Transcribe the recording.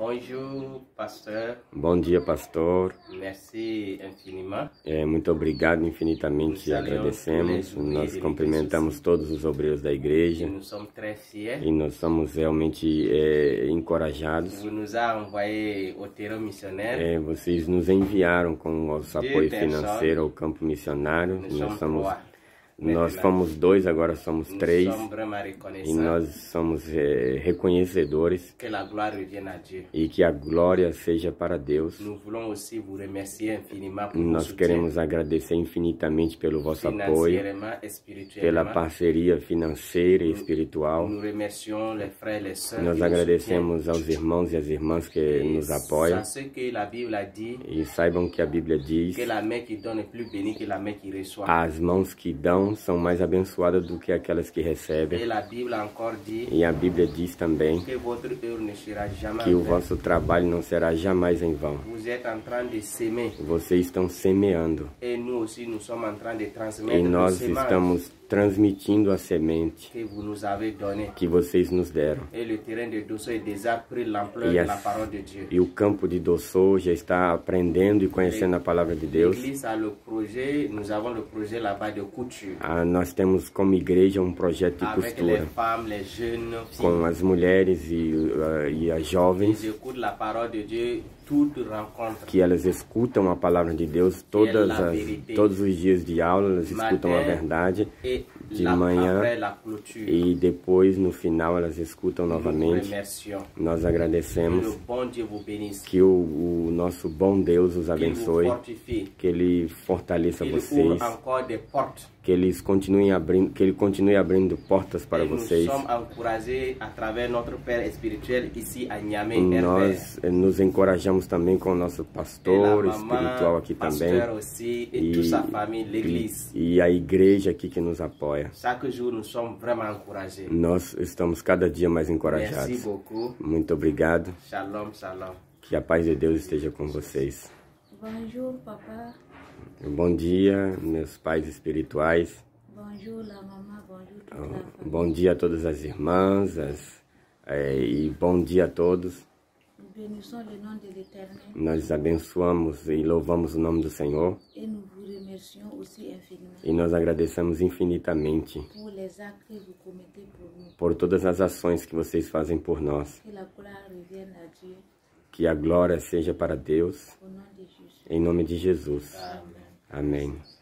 Bonjour, pastor. Bom dia, pastor. Merci infiniment. É, muito obrigado infinitamente. Nous agradecemos. Nós cumprimentamos todos os obreiros da igreja. E, somos e nós somos realmente é, encorajados. Nos é, vocês nos enviaram com o nosso apoio financeiro ao campo missionário. Nós somos né, nós somos dois, agora somos três. E nós somos é, reconhecedores. E que a glória seja para Deus. Nós queremos agradecer infinitamente pelo vosso apoio, pela parceria financeira e espiritual. Nós agradecemos aos irmãos e às irmãs que nos apoiam. E saibam que a Bíblia diz: as mãos que dão são mais abençoadas do que aquelas que recebem. E a Bíblia diz também que o vosso trabalho não será jamais em vão. Vocês estão semeando. E nós estamos transmitindo a semente que vocês nos deram. E, e o campo de Dosso já está aprendendo e conhecendo a palavra de Deus. Ah, nós temos como igreja um projeto de costura com as mulheres e, ah, e as jovens que elas escutam a palavra de Deus todas as, todos os dias de aula, elas escutam a verdade de la, manhã e depois no final elas escutam novamente. Nós agradecemos que o, o, nosso bom Deus os abençoe, que ele fortaleça que vocês, que eles continuem abrindo, que ele continue abrindo portas para e vocês. Nós eh, nos encorajamos também com o nosso pastor espiritual aqui também e, e a igreja aqui que nos apoia apoia. Nós estamos cada dia mais encorajados. Muito obrigado. Shalom, shalom. Que a paz de Deus esteja com vocês. Bonjour, papá. Bom dia, meus pais espirituais. Bonjour, la mamá. Bonjour, toda bom dia a todas as irmãs as, é, e bom dia a todos. Nós abençoamos e louvamos o nome do Senhor. E é e nós agradecemos infinitamente por todas as ações que vocês fazem por nós. Que a glória seja para Deus. Em nome de Jesus. Amém.